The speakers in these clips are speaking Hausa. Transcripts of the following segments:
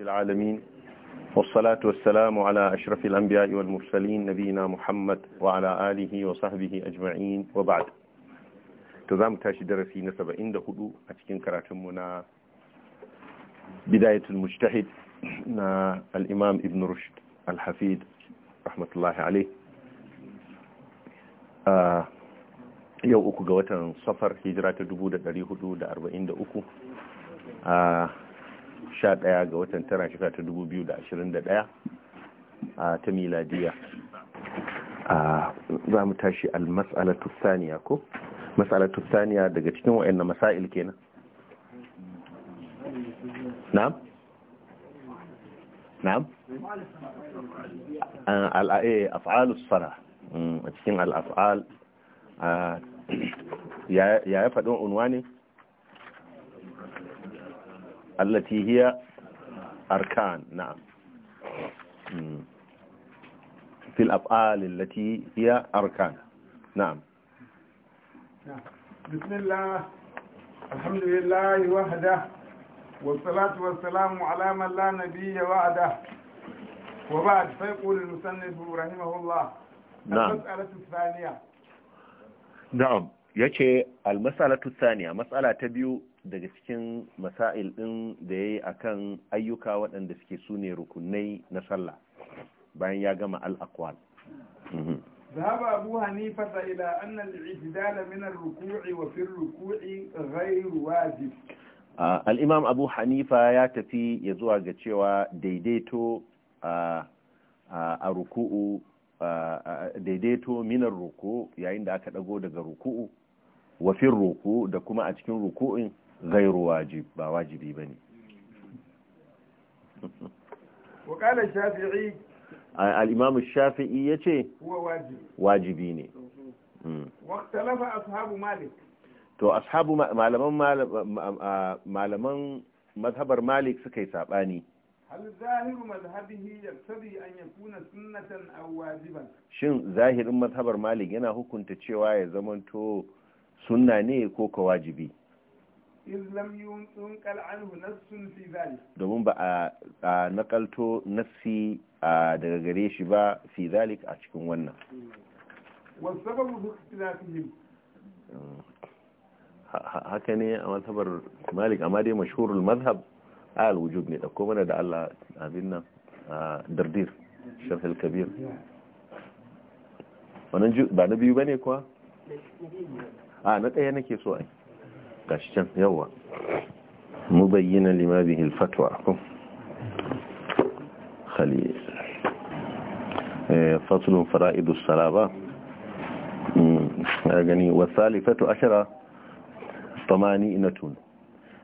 العالمين والصلاة والسلام على أشرف الأنبياء والمرسلين نبينا محمد وعلى آله وصحبه أجمعين وبعد تزام تاشي درسي نسبة عند هدو أتكين كراتمنا بداية المجتهد نا الإمام ابن رشد الحفيد رحمة الله عليه آه yau uku ga watan safar hijira ta 443 a 11 ga watan tara shekara ta 2021 a ta miladiya za mu tashi al-mas'alatu thaniya ko mas'alatu thaniya daga cikin wayannan masail kenan na'am na'am al eh, af'alus sana mm, a cikin al'af'al. ya ya faɗin ne التي هي أركان نعم في الأفعال التي هي أركان نعم. نعم بسم الله الحمد لله وحده والصلاة والسلام على من لا نبي وعده وبعد فيقول المسنف رحمه الله نعم المسألة الثانية نعم يجي المسألة الثانية مسألة تبيو daga cikin masail din da ya yi a kan ayyuka waɗanda suke sune rukunai na sallah bayan ya gama al'akwal mhm. ذهب أبو حنيفة إلى أن الاعتدال من الركوع وفي الركوع غير واجب Abu Hanifa ya tafi ya zuwa ga cewa daidaito a ruku'u daidaito minar ruku yayin da aka dago daga ruku'u wafin ruku da kuma a cikin ruku'in gairu wajib ba wajibi ba ne shafi'i ya ce wajibi ne to ashabu malaman mazhabar malik suka yi saɓani shin zahirin mazhabar malik yana hukunta cewa ya zamanto sunna ne ko ka wajibi domin ba a nakalto nassi daga gare shi ba fi zalik a cikin wannan haka ne a matsabar malik amma dai mashhurul mazhab al wujub ne dauko mana da Allah abin nan a dardir shafil kabir wannan ba na biyu ba ne kuwa a na ɗaya nake so ai قشتم يوا مبينا لما به الفتوى خليل آه، فصل فرائد الصلابة والثالثة أشرة طمانينة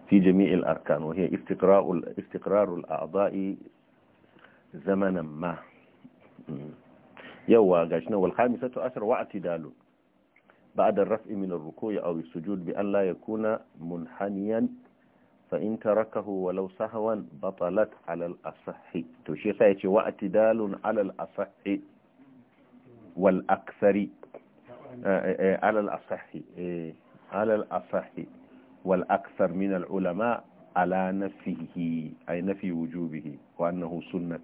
في جميع الأركان وهي استقرار الأعضاء زمنا ما يوا قشنا والخامسة أشرة واعتدال بعد الرفع من الركوع أو السجود بأن لا يكون منحنيا فإن تركه ولو سهوا بطلت على الأصح تشيخ يتي واعتدال على الأصح والأكثر آه، آه، آه، على الأصح على الأصح والأكثر من العلماء على نفيه أي نفي وجوبه وأنه سنة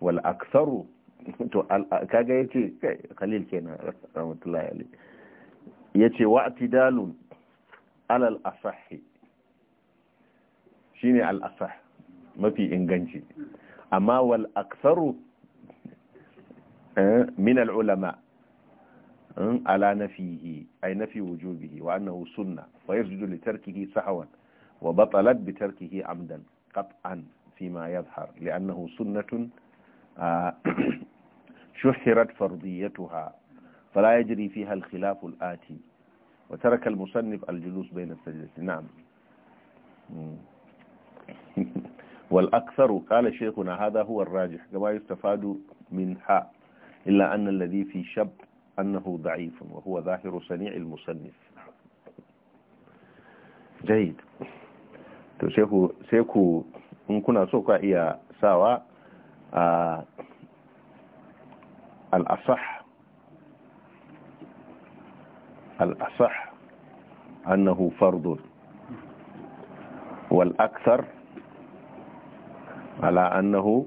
والأكثر to kaga ya ce khalil kenan rahmatullahi alaihi ya ce wa'tidalun alal asahi shine al asah mafi inganci amma wal aktharu eh, min al ulama eh, ala nafihi ay nafi wujubihi wa annahu sunna wa yasjudu li tarkihi sahwan wa batalat bi tarkihi amdan qat'an fima yadhhar li'annahu sunnatun ah, شحرت فرضيتها فلا يجري فيها الخلاف الآتي وترك المصنف الجلوس بين السجدتين نعم والأكثر قال شيخنا هذا هو الراجح كما يستفاد من حاء إلا أن الذي في شب أنه ضعيف وهو ظاهر صنيع المصنف جيد شيخو شيخو إن كنا kuna so ka الأصح الأصح أنه فرض والأكثر على أنه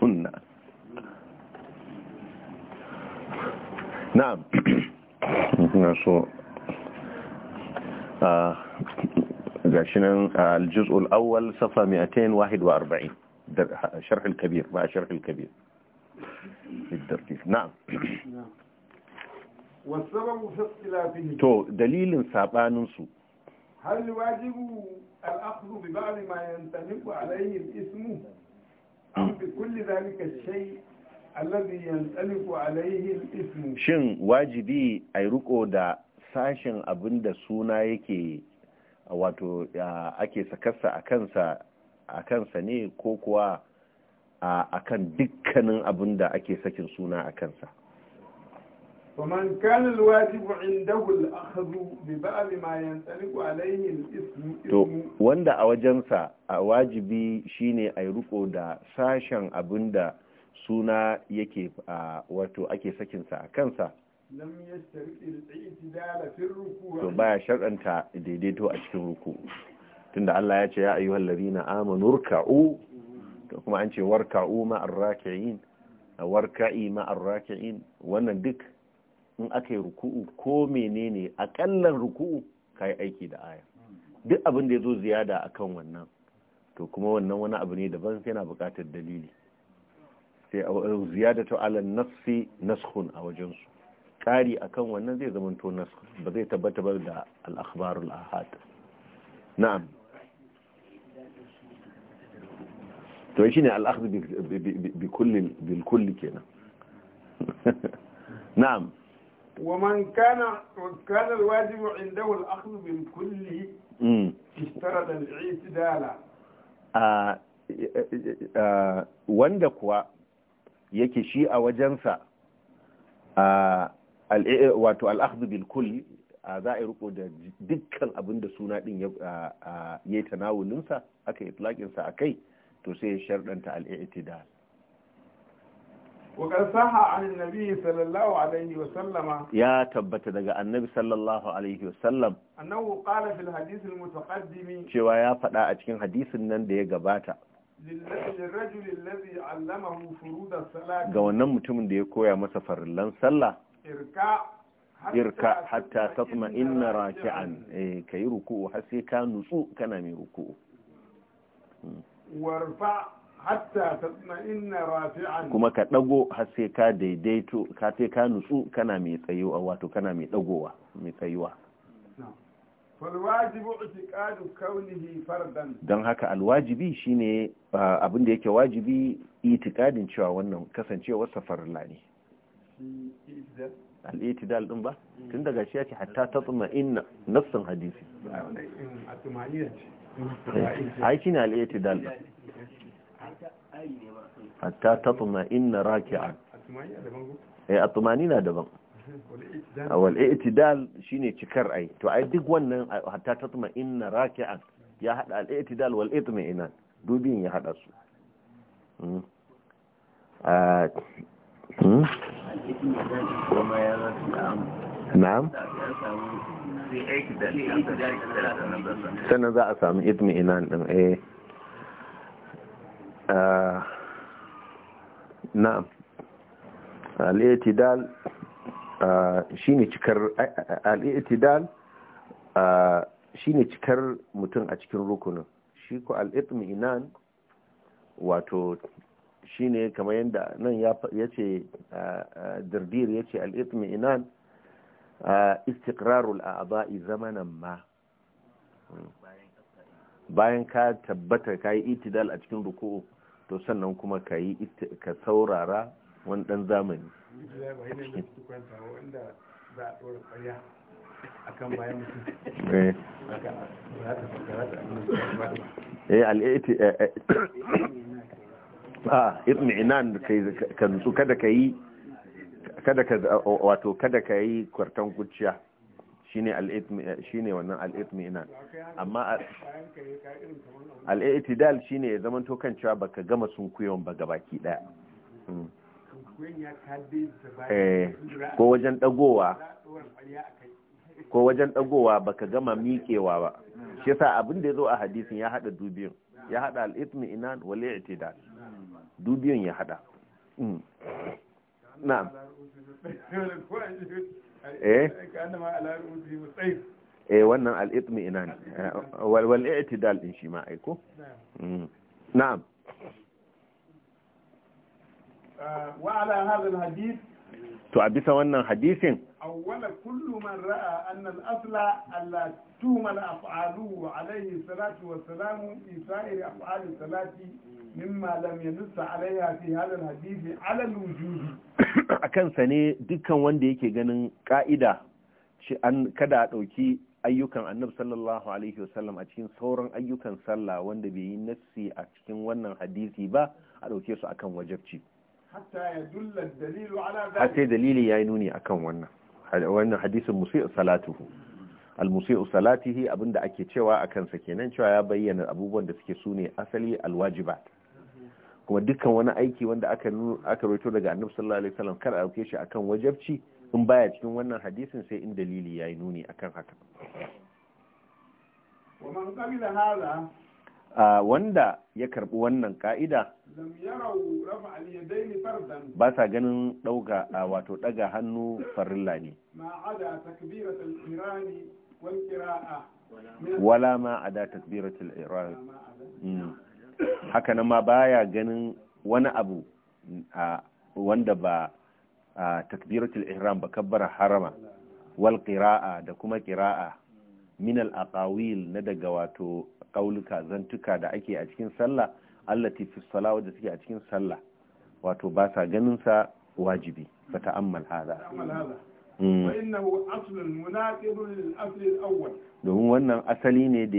سنة نعم قاشنا آه، آه، الجزء الأول صفحة 241 شرح الكبير مع شرح الكبير بالتركيز نعم والسبب في اختلافهم تو دليل سابانسو هل واجب الاخذ ببعض ما ينتمق عليه الاسم ام بكل ذلك الشيء الذي ينتمق عليه الاسم شن واجبي اي رقو دا ساشن abin da suna yake wato ake sakarsa a kansa ne ko kuwa a kan dukkanin abin da ake sakin suna a kansa فمن كان الواجب عنده الأخذ ببعض ما ينطلق عليه الاسم to wanda a wajensa a wajibi shine ai ruko da sashen abinda suna yake a wato ake sakin sa a kansa lam yashtari al-i'tidal fi to baya sharɗanta daidaito a cikin ruku tunda Allah ya ce ya ayyuhallazina amanu ruk'u kuma an ce warka'u ma'ar raki'in warka'i ma'ar raki'in wannan duk in aka yi ruku'u ko menene akallan ruku'u kai aiki da aya duk abin da ya zo ziyada akan wannan to kuma wannan wani abu ne daban sai yana buƙatar dalili sai ziyada to ala nafsi naskhun a wajensu ƙari akan wannan zai zama to naskh ba zai tabbata da al-akhbarul ahad na'am to shine al'akhdh bi kulli bil kulli kenan na'am ومن كان كان الواجب عنده الأخذ بالكل اشترط الاعتدال wanda kuwa yake shi a wajensa e, wato al'akhdhu bil kull za a riko da dukkan abinda suna din ya yi tanawuninsa aka yi tulakinsa a kai to sai ya sharɗanta al'i'tidal وقد صح عن النبي صلى الله عليه ya tabbata daga annabi sallallahu alaihi الله عليه وسلم انه fil في الحديث المتقدم cewa ya faɗa a cikin hadisin nan da ya gabata للرجل الذي علمه فروض الصلاه ga wannan mutumin da ya koya masa farillan sallah irka irka hatta tatma inna raki'an eh kai ruku'u har sai ka nutsu kana mai ruku'u hmm. warfa hatta tatma'inna rafi'an kuma ka dago har sai ka daidaito ka sai ka nutsu kana mai tsayuwa wato kana mai dagowa mai tsayuwa don haka alwajibi shine abin da yake wajibi itikadin cewa wannan kasancewar safarilla lani al'itidal din ba tun daga shi ya ce hatta ta tsuma inna nassin hadisi ai shine al-i'tidal hatta tatma inna raki'an eh na daban wal i'tidal shine cikar ai to ai duk wannan hatta tatma inna raki'an ya hada al-i'tidal wal itmi'nan dubin ya hada su hmm. Ah, hmm. na'am sannan za a sami idmi inan din eh. a ah, na al'itidal ah, shine cikar al'itidal ah, cikar mutum a cikin rukunin shi ko al'itmi inan wato shine kamar yadda nan ya ce dirdir ya ce al'itmi inan istiqrarul a'dha'i zamanan ma bayan ka tabbata yi itidal a cikin ruku'u to sannan kuma ka yi ka saurara wani dan zamani eh a inan kan su kada ka kada ka wato kada ka yi kwartan kuciya shine shine wannan al-ithminan amma al'itidal shine ya zama to kan cewa baka gama kuyon ba gabaki daya hmm. eh, ko wajen dagowa ko wajen dagowa baka gama miƙewa ba shi yasa abin da yazo a hadisin ya hada dubiyan ya hada al-ithminan wal-i'tidal ya hada hmm. na'am eh eh wannan al'itmi ina ne eh, walwal i'tidal din shi ma aiko na'am mm. uh, to a bisa wannan hadisin أول كل من رأى أن الأصل ألا تومل أفعاله عليه الصلاة والسلام في سائر أفعال الصلاة مما لم ينص عليها في هذا الحديث على الوجود أكن sa دكا واندي كي yake قائدة أن كدا an ayyukan annabi sallallahu alaihi wasallam a cikin sauran ayyukan sallah wanda bai yi nassi a cikin wannan hadisi ba a dauke su akan wajabci hatta ya dulla dalilu ala dalili yayi nuni akan wannan wannan hadisin musi'u salatuhu al-musi'u salatihi abinda ake cewa a kansa kenan cewa ya bayyana abubuwan da suke sune asali al-wajibat kuma dukkan wani aiki wanda aka aka roto daga annabi sallallahu alaihi wasallam kar a dauke shi akan wajabci in baya cikin wannan hadisin sai in dalili yayi nuni akan haka wanda ya karbi wannan ka'ida ba sa ganin ɗauka a wato ɗaga hannu farilla ne wala ma a da takbiratul iran hmm. haka nan ma baya ganin wani abu wanda ba a takbiratul ihram ba kabbara harama wal qira'a da kuma qira'a minal al aqawil na daga wato ƙauluka zantuka da ake a cikin sallah allati fi salawa da suke a cikin sallah wato ba sa ganin sa wajibi ta ta'ammal hada mm. domin wannan asali ne da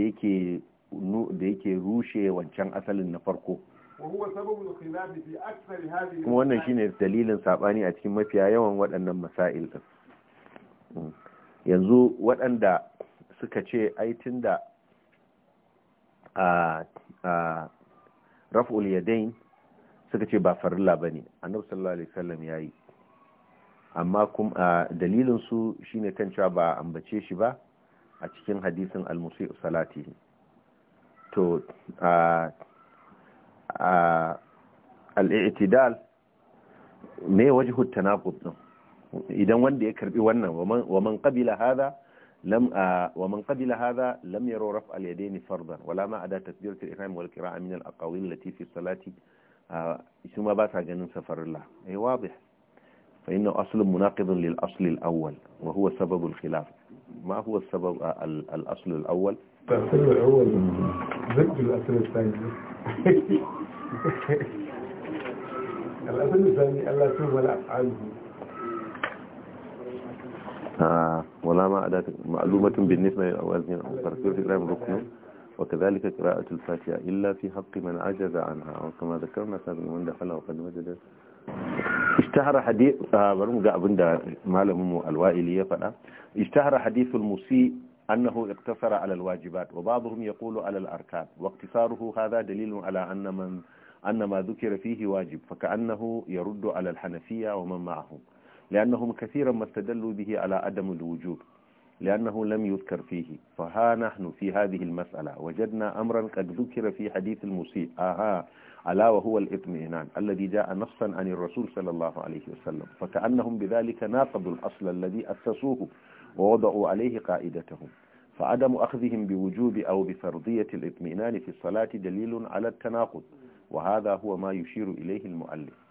yake rushe wancan asalin na farko kuma wannan shine dalilin sabani a cikin mafiya yawan waɗannan masail din mm. yanzu waɗanda suka ce ai da. raf'ul yadain suka ce ba farilla bane annabi sallallahu alaihi wasallam yayi amma dalilinsu dalilin su shine kan cewa ba ambace shi ba a cikin hadisin al-musi salati to al-i'tidal me wajhu tanaqub idan wanda ya karbi wannan wa man qabila hada لم آه، ومن قبل هذا لم يروا رفع اليدين فرضا ولا ما أدى تكبيرة الإحرام والقراءة من الأقاويل التي في الصلاة آه، ثم بات جنون سفر الله أي واضح فإنه أصل مناقض للأصل الأول وهو سبب الخلاف ما هو السبب آه، الأصل الأول؟ الأصل الأول ضد الأصل الثاني الأصل الثاني ألا توب ولا ولا ما أداة معلومة بالنسبة للأوازن أو ترتيب الكلام وكذلك قراءة الفاتحة إلا في حق من عجز عنها أو كما ذكرنا سابقا من دخله وقد وجد اشتهر حديث آه برم ga abin ما malamin mu alwa'ili اشتهر حديث المسيء أنه اقتصر على الواجبات وبعضهم يقول على الأركان واقتصاره هذا دليل على أن من أن ما ذكر فيه واجب فكأنه يرد على الحنفية ومن معهم لأنهم كثيرا ما استدلوا به على عدم الوجوب لأنه لم يذكر فيه فها نحن في هذه المسألة وجدنا أمرا قد ذكر في حديث المسيء آها ألا وهو الإطمئنان الذي جاء نصا عن الرسول صلى الله عليه وسلم فكأنهم بذلك ناقضوا الأصل الذي أسسوه ووضعوا عليه قائدتهم فعدم أخذهم بوجوب أو بفرضية الإطمئنان في الصلاة دليل على التناقض وهذا هو ما يشير إليه المؤلف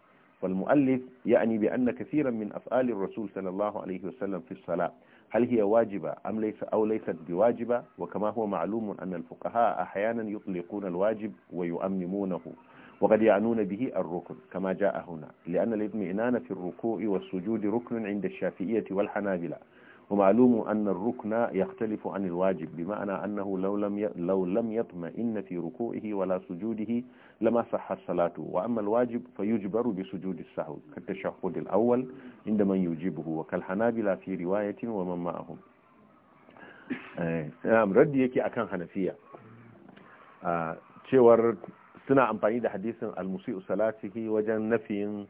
فالمؤلف يعني بأن كثيرا من أفعال الرسول صلى الله عليه وسلم في الصلاة هل هي واجبة أم ليس أو ليست بواجبة وكما هو معلوم أن الفقهاء أحيانا يطلقون الواجب ويؤممونه وقد يعنون به الركن كما جاء هنا لأن الاطمئنان في الركوع والسجود ركن عند الشافعية والحنابلة ومعلوم أن الركن يختلف عن الواجب بمعنى أنه لو لم لو لم يطمئن في ركوعه ولا سجوده لما صح الصلاة وأما الواجب فيجبر بسجود السهو كالتشهد الأول عند من يجيبه وكالحنابلة في رواية ومن معهم نعم رد يكي أكان حنفية cewar suna amfani da hadisin almusi salatihi wajen nafiyin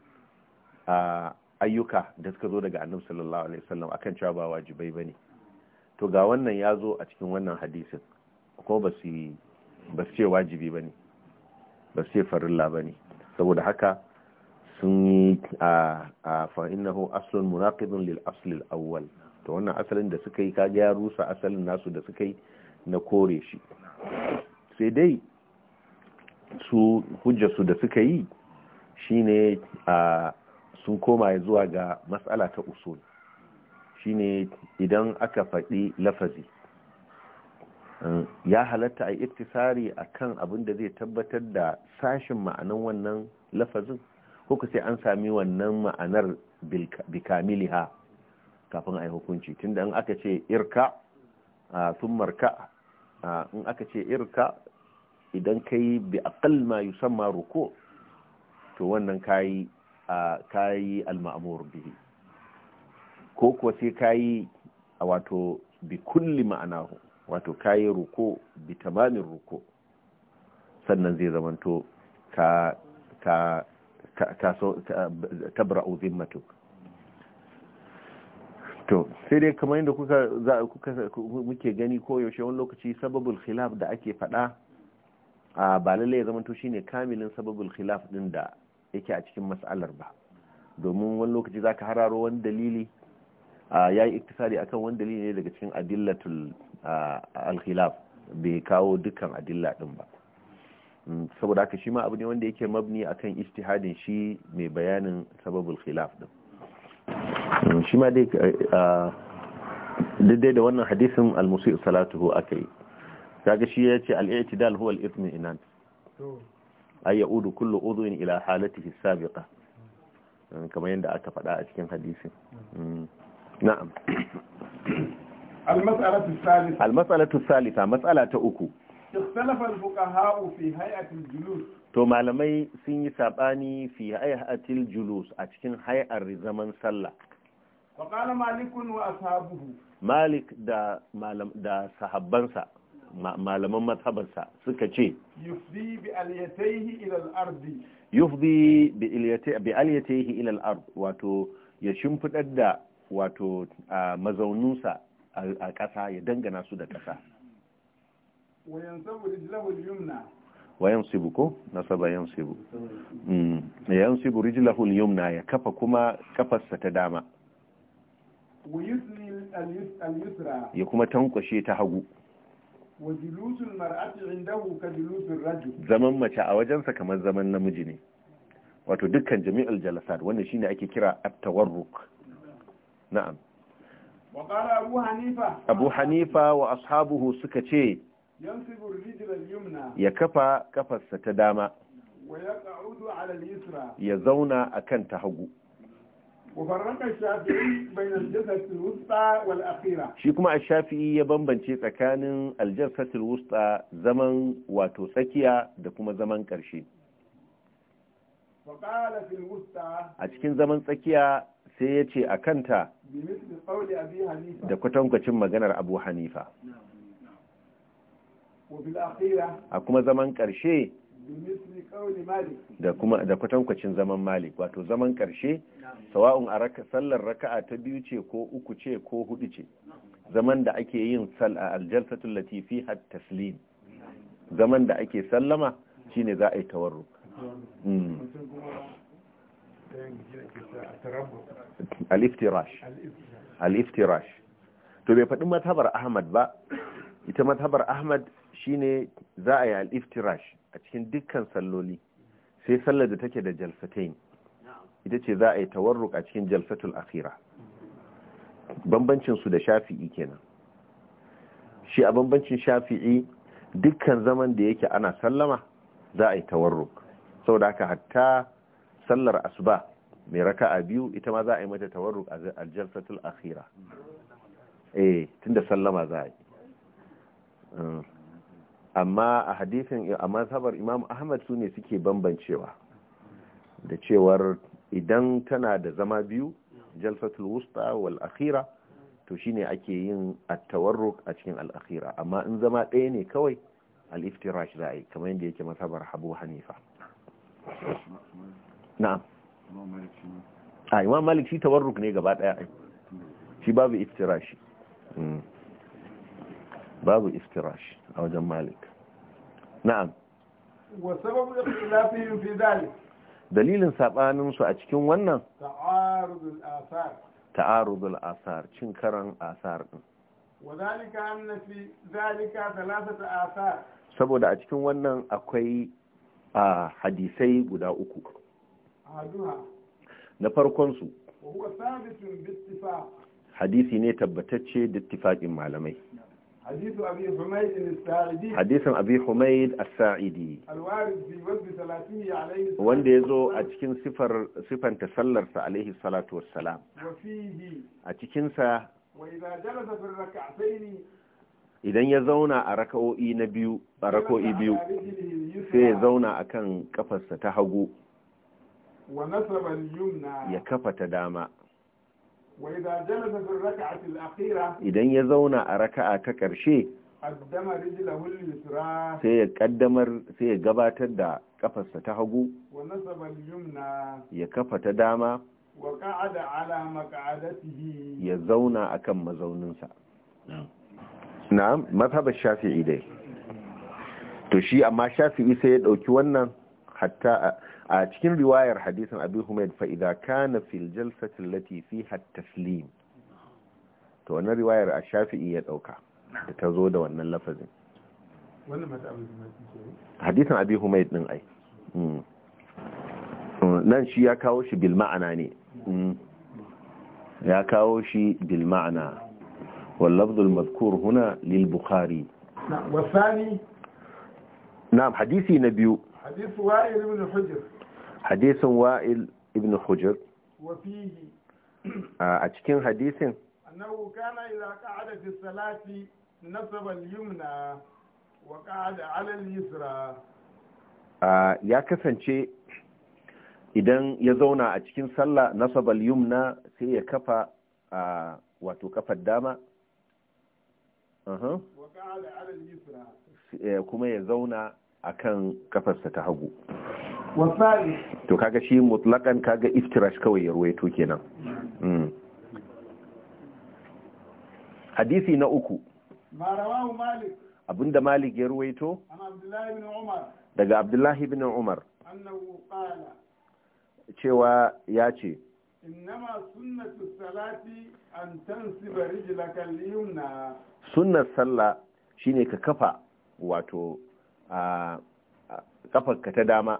ayyuka da suka zo daga annabi sallallahu alaihi wasallam akan cewa ba wajibai bane to ga wannan ya zo a cikin wannan hadisin ko ba su ba su ce wajibi bane ba su ce farilla bane saboda haka sun yi a fa innahu aslun munaqidun lil asl al awwal to wannan asalin da suka yi kaga ya rusa asalin nasu da suka yi na kore shi sai dai su hujja su da suka yi shine a sun koma zuwa ga matsala ta usul shine idan aka faɗi lafazi ya halatta a iktisari a kan da zai tabbatar da sashin ma'anan wannan lafazin ko sai an sami wannan ma'anar bikamiliha kafin a yi hukunci tunda in aka ce irka sun marka in aka ce irka idan ka yi bi aqal ma yusamma to wannan kayi ka yi al-ma'mur bihi ko kuwa sai kayi yi wato bi kulli ma'anahu wato ka yi ruko bi tamamin ruko sannan zai zamanto ka ka ka so tabra'u zimmatuk to sai dai kamar yadda kuka za kuka muke gani ko yaushe wani lokaci sababul khilaf da ake faɗa a ba lalle ya zamanto shine kamilin sababul khilaf din da yake a cikin mas'alar ba domin wani lokaci za ka hararo wani dalili ya yi iktisari akan wani dalili ne daga cikin adillatul alkhilaf bai kawo dukkan adilla din ba mm, saboda haka shi ma abu ne wanda yake mabni akan istihadin shi mai bayanin sababul khilaf din mm, shi ma dai daidai da wannan hadisin al-musi salatuhu akil kaga shi yace al-i'tidal huwa al-ithmi inan ay ya'udu kullu udhun ila halatihi sabiqa hmm, kamar yadda aka faɗa a cikin hadisin hmm. na'am al-mas'alatu salisa mas'ala ta uku ikhtalafa al-fuqaha fi hay'ati al-julus to malamai sun yi sabani fi hay'ati al-julus a cikin hay'ar zaman sallah wa qala malikun wa ashabuhu malik da malam da sahabbansa malaman mazhabarsa suka ce yufdi bi aliyatayhi ila al-ard yufdi bi aliyatayhi ila al-ard wato ya shimfidar da wato mazauninsa a ƙasa ya dangana su da ƙasa wayan sibu ko nasaba yan sibu mm. yan sibu rijlahu yumna ya kafa kuma kafarsa ta dama ya kuma tankwashe ta hagu zaman mace a wajensa kamar zaman namiji ne wato dukkan jami'ul jalasat wanda shine ake kira at-tawarruk na'am wa qala abu hanifa abu hanifa wa ashabuhu suka ce ya kafa kafarsa ta dama ya zauna akan ta hagu shi kuma a shafi ya bambance tsakanin aljarsatul wusta zaman wato tsakiya da kuma zaman karshe a cikin zaman tsakiya sai ya ce a kanta da kwatankwacin maganar abu hanifa a kuma zaman karshe. da kuma da kwatankwacin zaman malik wato zaman karshe sawa'un a sallar raka'a ta biyu ce ko uku ce ko hudu ce zaman da ake yin sal a aljalsatul latifi har taslim zaman da ake sallama shine za a yi tawarru hmm. to bai faɗi mazhabar ahmad ba ita mazhabar ahmad shine za a yi al-iftirash a cikin dukkan salloli sai sallar da take da jalsatain ita ce za a yi tawarruk a cikin jalsatul akhira bambancin su da shafi'i kenan shi a bambancin shafi'i dukkan zaman da yake ana sallama za a yi tawarruk saboda haka hatta sallar asuba mai raka'a biyu ita ma za a yi mata tawarruk a jalsatul akhira eh tunda sallama za a yi mm. amma a hadisin a mazhabar imam ahmad su ne suke bambancewa da cewar idan tana da zama biyu jalsatul wusta wal akhira to shine ake yin at-tawarruk a cikin al-akhira amma in zama ɗaya ne kawai al-iftirash da ai kamar yadda yake mazhabar Abu Hanifa na'am a imam malik shi tawarruk ne gaba ɗaya ai shi babu iftirashi hmm. babu iftirashi a wajen malik na'am dalilin saɓaninsu a cikin wannan ta'arudul asar cin karan asar ɗin saboda a cikin wannan akwai a hadisai guda uku na farkon su hadisi ne tabbatacce da tifaƙin malamai حديث أبي حميد الساعدي حديث أبي حميد الساعدي الوارد في وفد صلاته عليه الصلاة وانده سفر تسلر عليه الصلاة والسلام وفيه أتكين سا وإذا جلس في الركعتين idan ya zauna a raka'o'i na biyu a raka'o'i biyu sai ya zauna akan kafarsa ta hagu ya kafa ta dama idan ya zauna a raka'a ta ƙarshe sai ya ƙaddamar sai ya gabatar da ƙafarsa ta hagu ya kafa ta dama ya zauna a kan mazauninsa Na mazhabar shafi'i dai to shi amma shafi'i sai ya ɗauki wannan hatta a. a cikin riwayar hadisin abu humed fa idza kana fil jalsati allati fiha taslim to wannan riwayar a shafi'i ya dauka da ta zo da wannan lafazin hadisin abu humed din ai nan shi ya kawo shi bil ma'ana ne ya kawo shi bil ma'ana wal lafzul mazkur huna lil bukhari na wasani na hadisi na biyu حديث وائل بن حجر hadisin wa'il ibn hujjar a cikin hadisin annahu kana idza qa'ada fi salati nasaba al-yumna wa qa'ada 'ala al-yusra ya kasance idan ya zauna a cikin sallah nasaba al-yumna sai ya kafa wato kafar dama uh-huh. eh, kuma ya zauna akan kafarsa ta hagu to kaga shi mutlakan kaga iftirash kawai ya ruwaito kenan mm. hadisi na uku abinda malik ya ruwaito daga abdullahi bin umar cewa ya ce sunnar sallah shine ka kafa wato a kafarka ta dama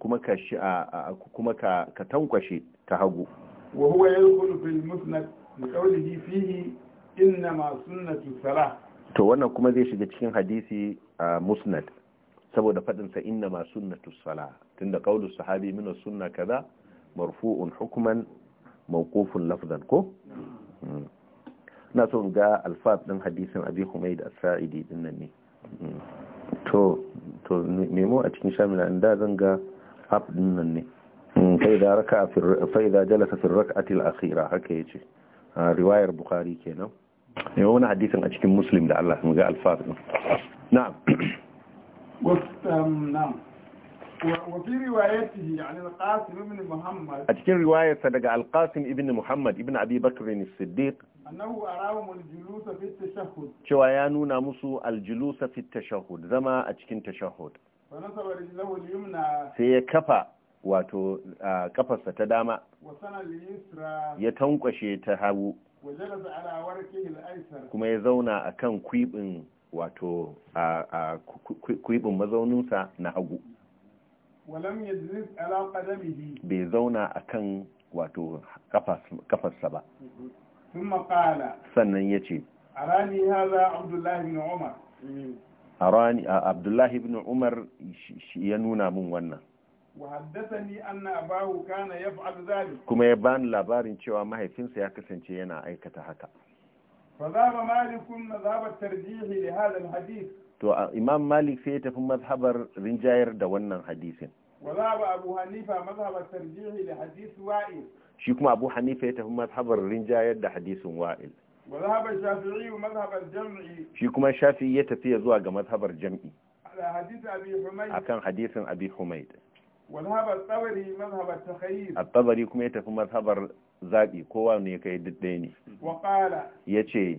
kuma ka shi a kuma ka ka tankwashe ta hagu wa huwa yadkhulu fil musnad bi qawlihi fihi inna ma sunnatu salah to wannan kuma zai shiga cikin hadisi a musnad saboda fadin sa inna ma sunnatu salah tunda qawlu sahabi min sunna kaza marfu'un hukman mawqufun lafzan ko mm. na so ga alfaz din hadisin abi humaid as-sa'idi din nan ne mm. to to nemo a cikin shamila da zan ga haf din nan ne hmm. faida raka faida jalasa fi rak'ati al-akhira haka yace ah, riwayar bukhari kenan ne wani hadisin a cikin muslim da Allah mu ga alfaz din na'am na'am وفي روايته عن القاسم بن محمد أتكين رواية صدق القاسم ابن محمد ابن أبي بكر الصديق cewa ya nuna musu aljulusa fi tashahud zama a cikin tashahud sai ya kafa wato kafarsa ta dama ya tankwashe ta hagu kuma ya zauna a kan kwibin wato a kwibin mazauninsa na hagu bai zauna a kan wato kafarsa ba mm-hmm. sannan ya ce arani abdullahi ibn umar mm. ya nuna min wannan kuma ya bani labarin cewa mahaifinsa ya kasance yana aikata haka to imam malik sai ya tafi mazhabar rinjayar da wannan hadisin وذهب أبو حنيفة مذهب الترجيح لحديث وائل shi kuma abu hanifa ya tafi mazhabar rinjayar da hadisin wa'il shi kuma shafi ya tafi zuwa ga mazhabar jam'i akan hadisin abi humaid الطبري kuma ya tafi mazhabar zaɓi kowa ne kai ɗaya ne ya ce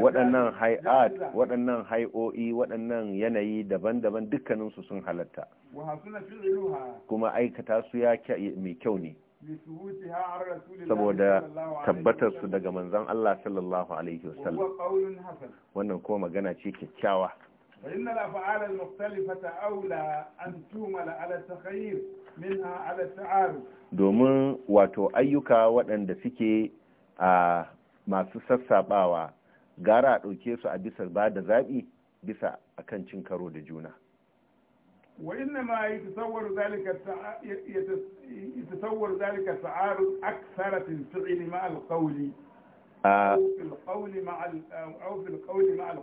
waɗannan hai'at waɗannan hai'o'i waɗannan yanayi daban-daban dukkaninsu sun halatta kuma aikata su ya mai kyau ne saboda tabbatar su daga manzan Allah sallallahu alaihi wasallam wannan kuma magana ce kyakkyawa فإن الأفعال المختلفة أولى أن تومل على التخير منها على التعارف domin wato ayyuka waɗanda suke a masu sassabawa gara a ɗauke su a bisa ba da zaɓi bisa a kan cin karo da juna. wa inna ma yi tasawwar zalika ta'arun aksara fil fi'li a fil ma al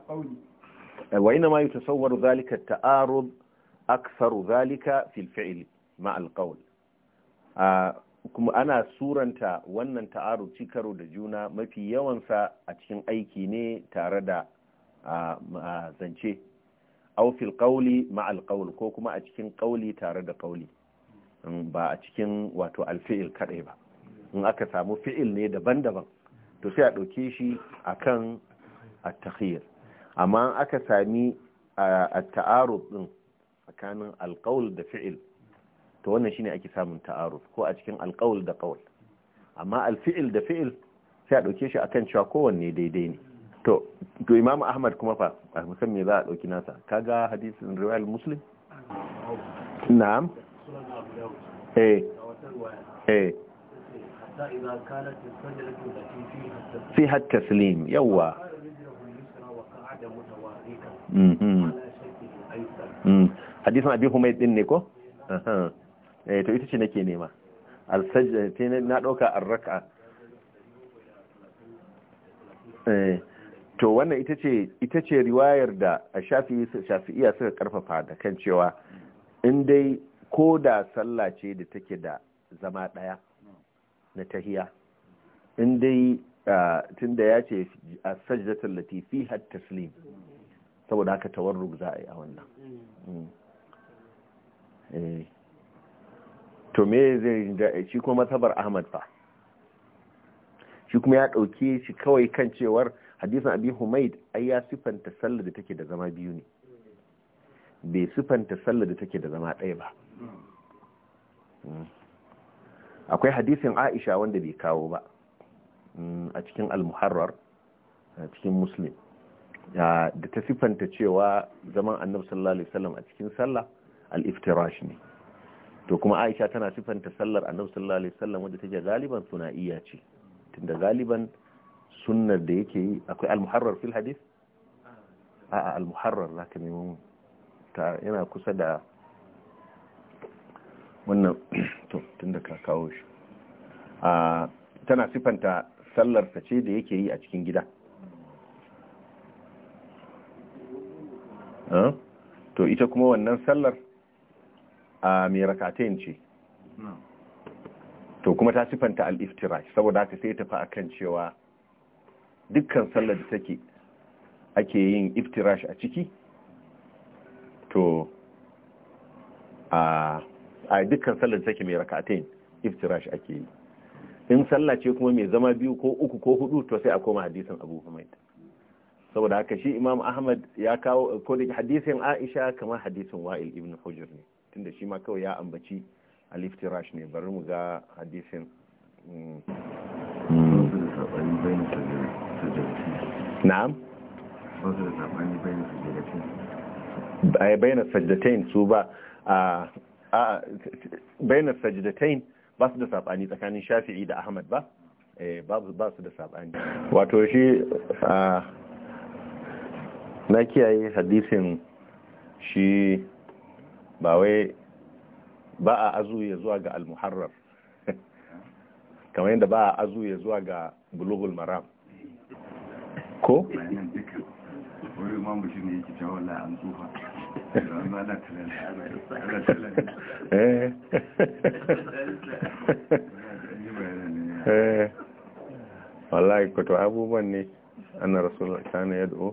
wa ina ma yutasawwaru zalika ta'arud aktharu zalika fil fi'l ma kuma ana suranta wannan ta'aru ci karo da juna mafi yawansa a cikin aiki ne tare da zance au fil qawli ma qawl ko kuma a cikin qawli tare da qawli ba a cikin wato al fi'l kadai ba in aka samu fi'il ne daban-daban to sai a ɗauke shi akan at-takhir amma aka sami a ta'aruf din tsakanin alkawul da fi'il to wannan shine ake samun ta'arub ko a cikin alkawul da ƙawul amma alfi'il da fi'il sai a ɗauke shi akan cewa kowanne daidai ne to to imam ahmad kuma fa a san me za a ɗauki nasa kaga hadisin riwayal muslim na'am eh eh fi hatta taslim yawa Mm-hmm. Mm. hadisin abi humaid din ne ko eh to ita ce nake nema al ce na ɗauka a raka eh, to wannan ita ce riwayar da a shafi'iya suka karfafa da kan cewa in ko da sallah ce da take da zama ɗaya na tahiya in tunda ya ce a sajdatul lati har taslim saboda haka tawarruk za a yi a wannan to me zai shi kuma matabar ahmad fa shi kuma ya ɗauke shi kawai kan cewar hadisan abi humaid ai ya sifanta sallar da take da zama biyu ne bai sifanta sallar da take da zama ɗaya ba akwai hadisin aisha wanda bai kawo ba Mm, a cikin al-muharrar a cikin muslim da ta siffanta cewa zaman annabi sallallahu alaihi wasallam a cikin sallah al-iftirash ne to kuma aisha tana siffanta sallar annabi sallallahu alaihi wasallam wadda take galiban sunaiya ce tunda galiban sunnar da yake yi akwai al-muharrar fil hadith a al-muharrar zaka nemo ta yana kusa da wannan to tunda ka kawo shi tana siffanta sallar sa ce da yake yi a cikin gida to ita kuma wannan sallar a mai rakatain ce to kuma ta sifanta al-iftirash saboda haka sai tafi akan cewa dukkan sallar da take ake yin iftirash a ciki to a dukkan sallar da take mai rakatain iftirash ake yi in sallah ce kuma mai zama biyu ko uku ko hudu to sai a koma hadisin abu humaid saboda haka shi imam ahmad ya kawo ko da hadisin aisha kamar hadisin wa'il ibn hujr ne tunda shi ma kawai ya ambaci aliftirash ne bari mu ga hadisin mm. na'am bayyana sajdatain su ba a bayyana sajdatain ba su da sabani tsakanin shafi'i da ahmad ba eh, ba su da sabani wato shi na kiyaye hadisin shi ba wai ba a azu ya zuwa ga almuharrar kamar yadda ba a azu ya zuwa ga bulugul maram ko? ne yake cewa Eh. Eh. wallahi ku to abubuwan ne ana rasulun kana ya do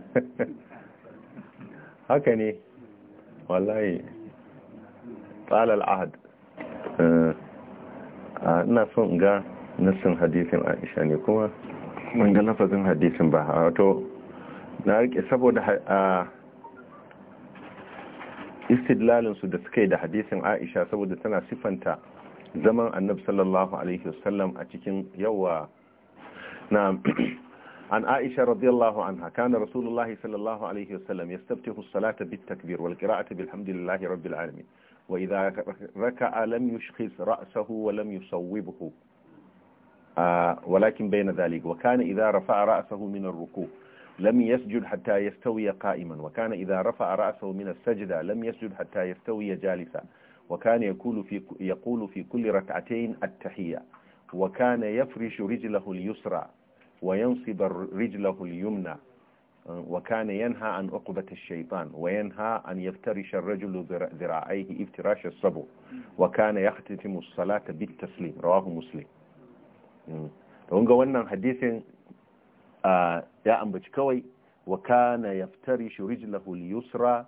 haka ne wallahi tsalal ahad eh. ah, ina son ga nassin hadisin aisha ne kuma ban ga lafazin hadisin ba wato na rike saboda istidlalinsu da suka yi da hadisin aisha saboda tana sifanta zaman annab sallallahu alaihi wasallam a cikin yawa na an aisha radiyallahu anha kana rasulullahi sallallahu alaihi wasallam yastabtihu as-salata bit-takbir wal-qira'ati bilhamdillahi rabbil alamin wa idha raka'a lam yushkhis ra'sahu wa lam yusawwibhu walakin bayna dhalik wa kana idha rafa'a ra'sahu min ar لم يسجد حتى يستوي قائما وكان إذا رفع رأسه من السجدة لم يسجد حتى يستوي جالسا وكان يقول في, يقول في كل ركعتين التحية وكان يفرش رجله اليسرى وينصب رجله اليمنى وكان ينهى عن عقبة الشيطان وينهى أن يفترش الرجل ذراعيه افتراش الصبو وكان يختتم الصلاة بالتسليم رواه مسلم ونقول أن حديث ya ambaci kawai wa kana yaftari rijlahu al-yusra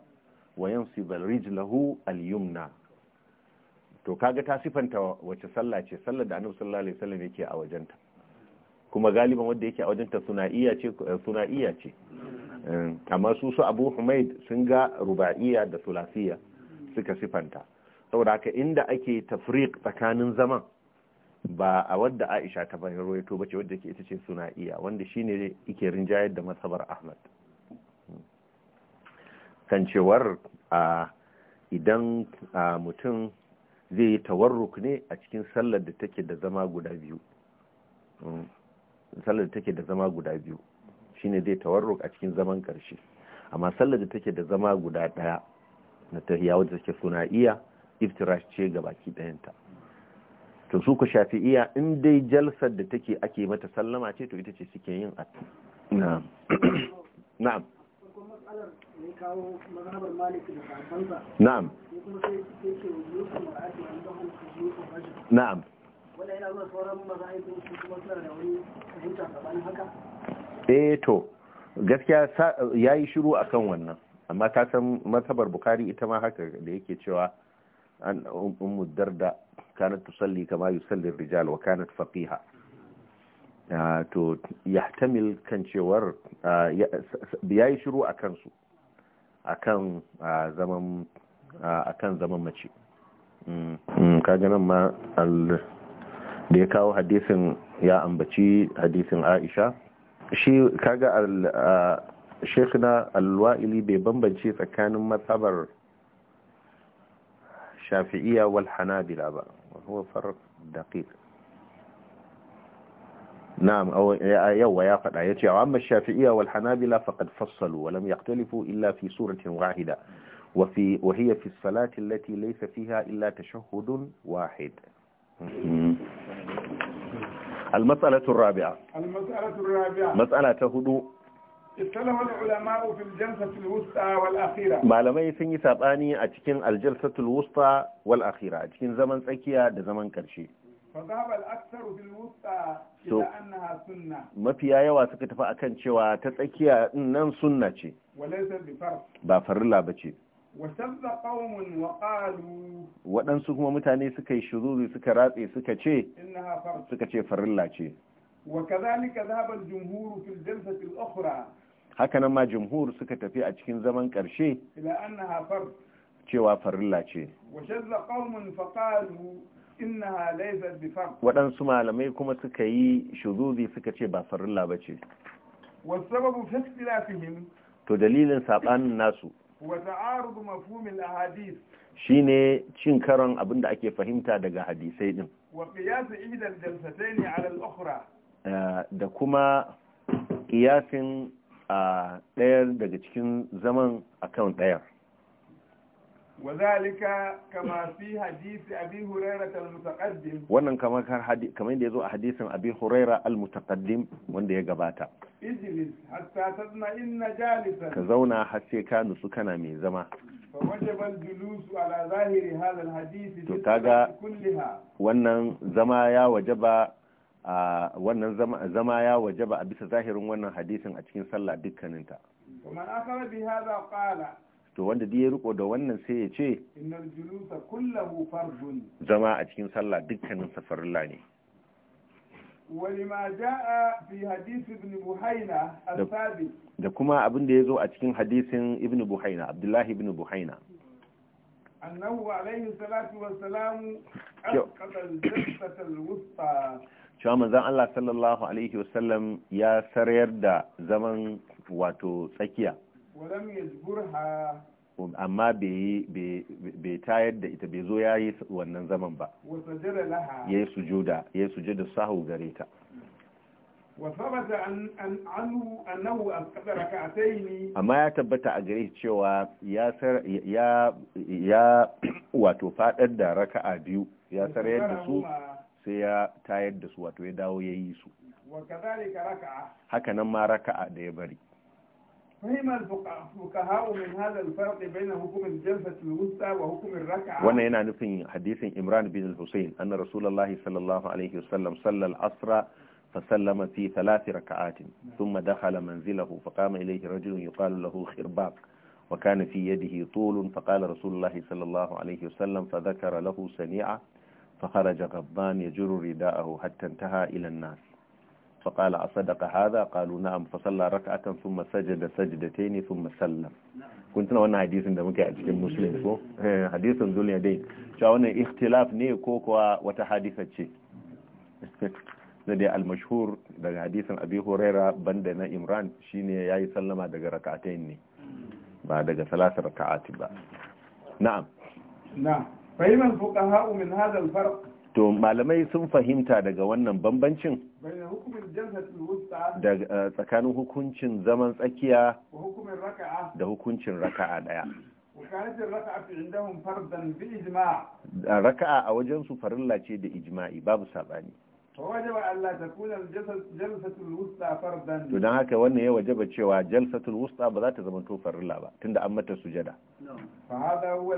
wa yansibu rijlahu al-yumna to kaga ta sifanta wace sallah ce sallar da annabi sallallahu alaihi wasallam yake a wajenta kuma galiban wanda yake a wajenta suna iya ce suna iya ce amma su su Abu Humaid sun ga ruba'iyya da Sulafiya suka sifanta saboda haka inda ake tafriq tsakanin zaman ba a wadda Aisha ta bani rawaito bace wadda ke ita ce suna iya wanda shi ne ike rinjayar da masabar Ahmad kan cewar a idan mutum zai yi tawarruk ne a cikin sallar da take da zama guda biyu mm. sallar da take da zama guda biyu ne zai tawarruk a cikin zaman karshe amma sallar da take da zama guda daya na tahiya wadda take suna iya iftirash ce ga baki dayanta to su ku shafi'iya in dai jalsar da take ake mata sallama ce to ita ce suke yin a na'am na'am na'am eh to gaskiya ya yi shiru a kan wannan amma ta san matsabar bukari ita ma haka da yake cewa an um, ummu darda kanat tusalli kama yusalli rijal wa kanat ah, to yahtamil kan cewar ah, ya yi shiru a kansu akan ah, zaman akan zaman mace hmm, hmm, kaga nan ma da ya kawo hadisin ya ambaci hadisin Aisha shi kaga al Sheikhna Al-Wa'ili bai bambance tsakanin matsabar Shafi'iyya wal Hanabila ba هو فرق دقيق نعم أو يو يا قد آياتي وأما الشافعية والحنابلة فقد فصلوا ولم يختلفوا إلا في سورة واحدة وفي وهي في الصلاة التي ليس فيها إلا تشهد واحد المسألة الرابعة المسألة الرابعة مسألة هدوء malamai sun yi saɓani a cikin aljalsatul wusta wal akhira a cikin zaman tsakiya da zaman karshe so mafiya yawa suka tafi kan cewa ta tsakiya nan sunna ce ba farilla ba ce waɗansu kuma mutane suka yi shuzuri suka ratse suka ce suka ce farilla ce وكذلك ذهب الجمهور في الجلسة الأخرى هكذا ما جمهور سكت في أجكين زمن كرشي إلى أنها فرد cewa farilla ce waɗansu malamai kuma suka yi shuzuzi suka ce ba farilla ba ce to dalilin saɓanin nasu shi ne cin karon abinda ake fahimta daga hadisai ɗin Eh, da kuma iyafin a ɗayar daga cikin zaman akan ɗayar wazalika kama fi hadisi abi huraira al-mutaqaddim wannan kamar kar hadisi kamar yadda yazo a hadisin abi huraira al-mutaqaddim wanda ya gabata ijlis hatta inna jalisan ka zauna har sai ka nutsu kana mai zama fa wajaba ala zahiri hadha al to kaga wannan zama ya wajaba wannan zama ya wajaba a bisa zahirin wannan hadisin a cikin sallah dukkaninta to wanda da ya riko da wannan sai ya ce zama a cikin sallah dukkanin safarilla ne ولما جاء في حديث ابن بحينة الثابت da kuma abin da ya zo a cikin hadisin ibn buhaina abdullahi ibn buhaina annahu alaihi salatu wa salamu, al-jassata al-wusta cewa manzan Allah sallallahu alaihi wasallam ya sarayar da zaman wato tsakiya amma bai tayar da ita bai zo ya yi wannan zaman ba ya yi sujuda ya yi sujuda sahu gare ta amma ya tabbata a gare cewa ya wato fadar da raka'a biyu ya sarayar da su sai ya tayar da su wato ya dawo ya yi su haka nan ma raka'a da ya bari wannan yana nufin hadisin imran bin hussein anna rasulullahi sallallahu alaihi wasallam sallal asra فسلم في ثلاث ركعات ثم دخل منزله فقام إليه رجل يقال له خرباق وكان في يده طول فقال رسول الله صلى الله عليه وسلم فذكر له سنيعة فخرج غضبان يجر رداءه حتى انتهى إلى الناس فقال أصدق هذا قالوا نعم فصلى ركعة ثم سجد سجدتين ثم سلم كنتنا وانا حديث عندما مكي أجل المسلم حديث ذو اليدين شاونا اختلاف ني كوكوا وتحاديثة شيء da almashhur daga hadisin abi huraira banda na imran shine yayi sallama daga rak'atain ne ba daga salasar نعم ba fuka ha'u min hadal farko. farq to malamai sun fahimta daga wannan bambancin eh, tsakanin hukuncin zaman tsakiya da hukuncin raka'a daya raka'a a wajen su farilla ce da ijma'i babu saɓani to don haka wannan ya wajaba cewa jalsatul wusta ba za ta zama to farilla ba tunda an mata sujada fa hada huwa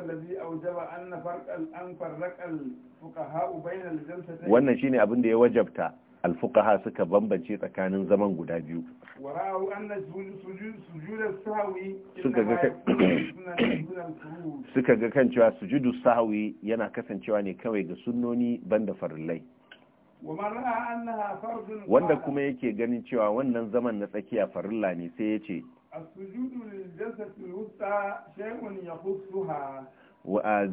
abin da ya wajabta alfuqaha suka bambance tsakanin zaman guda biyu suka ga kan cewa sujudu sahwi yana kasancewa ne kawai ga sunnoni banda farillai wanda kuma yake ganin cewa wannan zaman na tsakiya farilla ne sai ya ce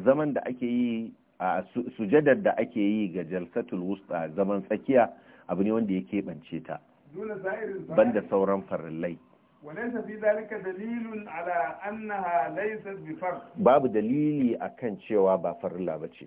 zaman da ake yi a sujadar da ake yi ga jalsatul wusta zaman tsakiya abu ne wanda ya keɓance ta banda sauran farillai babu dalili akan cewa ba farilla ba ce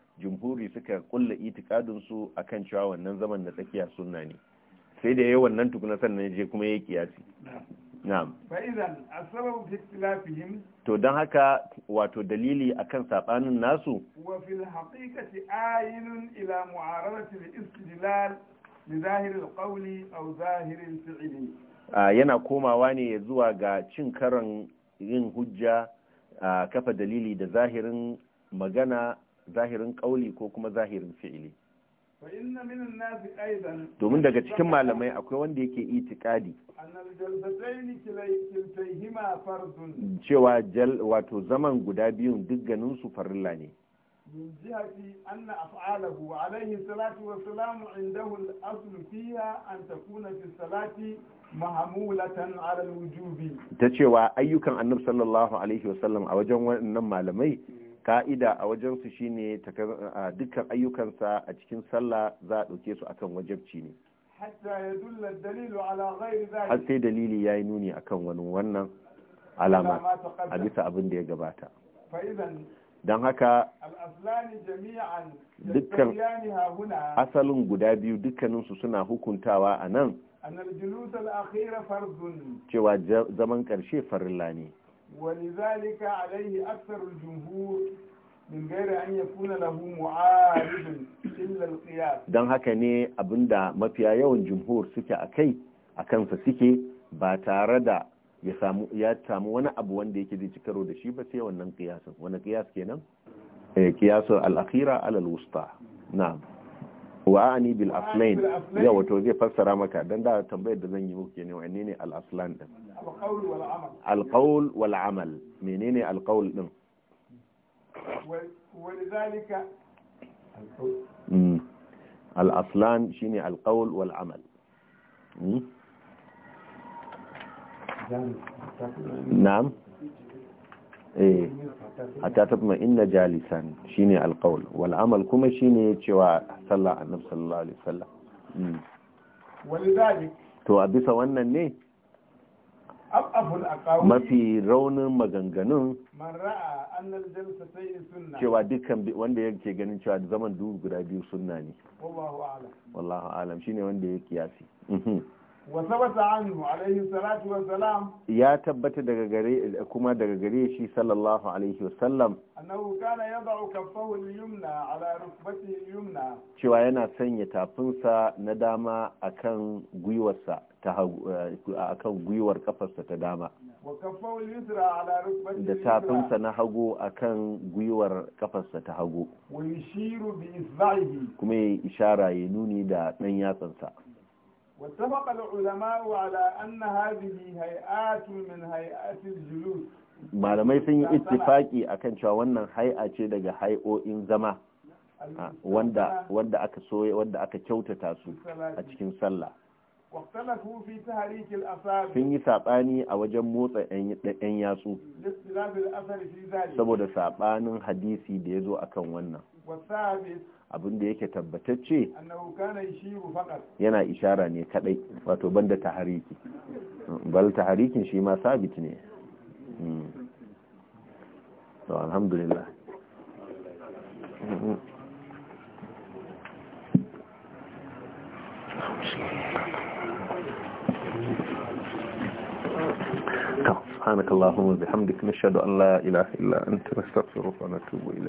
jumhuri suka kulla itikadin su akan cewa wannan zaman na tsakiya sunna ne sai da yayi wannan tukuna sannan je kuma ya kiyasi na'am fa idan asbabu fi ikhtilafihim to dan haka wato dalili akan sabanin nasu wa fil haqiqati ayinun ila mu'aradati al-istidlal li zahir al-qawli aw zahir al-fi'li yana komawa ne zuwa ga cin karan yin hujja kafa dalili da zahirin magana zahirin ƙaule ko kuma zahirin fi'ili domin daga cikin malamai akwai wanda yake itikadi cewa jal wato zaman guda biyun dukkanin su farilla ne ta cewa ayyukan annab sallallahu alaihi wasallam a wajen wannan malamai ka'ida a wajensu shine dukkan ayyukansa a cikin sallah za a ɗauke su akan wajabci ne har sai dalili ya yi nuni akan wani wannan alama a bisa abin da ya gabata don haka dukkan asalin guda biyu dukkaninsu suna hukuntawa a nan cewa zaman karshe farilla ne ولذلك عليه أكثر الجمهور min gaira an ya kuna lahu mu'aridun illa al-qiyas dan haka ne abinda mafiya yawan jumhur suke a kai a kansa suke ba tare da ya samu wani abu wanda yake zai karo da shi ba sai wannan qiyasin wani qiyas kenan eh qiyasul al-akhira ala al na'am wa'ani bil aslain ya wato zai fassara maka dan da tambayar da zan yi muku kenan wanne ne al aslan din al qawl wal amal menene al qawl din walidhalika hmm. al aslan shine al qawl wal amal hmm? na'am eh hatta tatma inna jalisan shine alqaul wal amal kuma shine cewa sallah annabi sallallahu alaihi wasallam hmm. to a bisa wannan ne mafi raunin maganganun cewa dukkan wanda yake ganin cewa zaman dubu guda biyu sunna ne wallahu alam shine wanda ya kiyasi mhm. ya tabbata daga gare kuma daga gare shi sallallahu alaihi wa sallam. annahu kana yad'u kaffahu al-yumna ala rukbatihi al-yumna cewa yana sanya tafinsa na dama akan gwiwarsa ta eh, akan gwiwar kafarsa ta dama wa kaffahu al-yusra ala rukbatihi da tafinsa na hagu akan gwiwar kafarsa ta hagu wa yushiru bi isba'ihi kuma ya ishara ya nuni da dan yatsansa واتفق العلماء على أن هذه هيئات من هيئات الجلوس malamai sun yi ittifaki akan cewa wannan hai'a ce daga hai'o'in zama wanda wanda aka soye wanda aka kyautata su a cikin sallah sun yi saɓani a wajen motsa 'yan yatsu saboda saɓanin hadisi da ya zo akan wannan abin da yake tabbatacce yana ishara ne kadai wato banda tahariki bal taharikin shi ma sabit ne hmm. to alhamdulillah سبحانك اللهم وبحمدك نشهد أن لا إله إلا أنت نستغفرك ونتوب إليك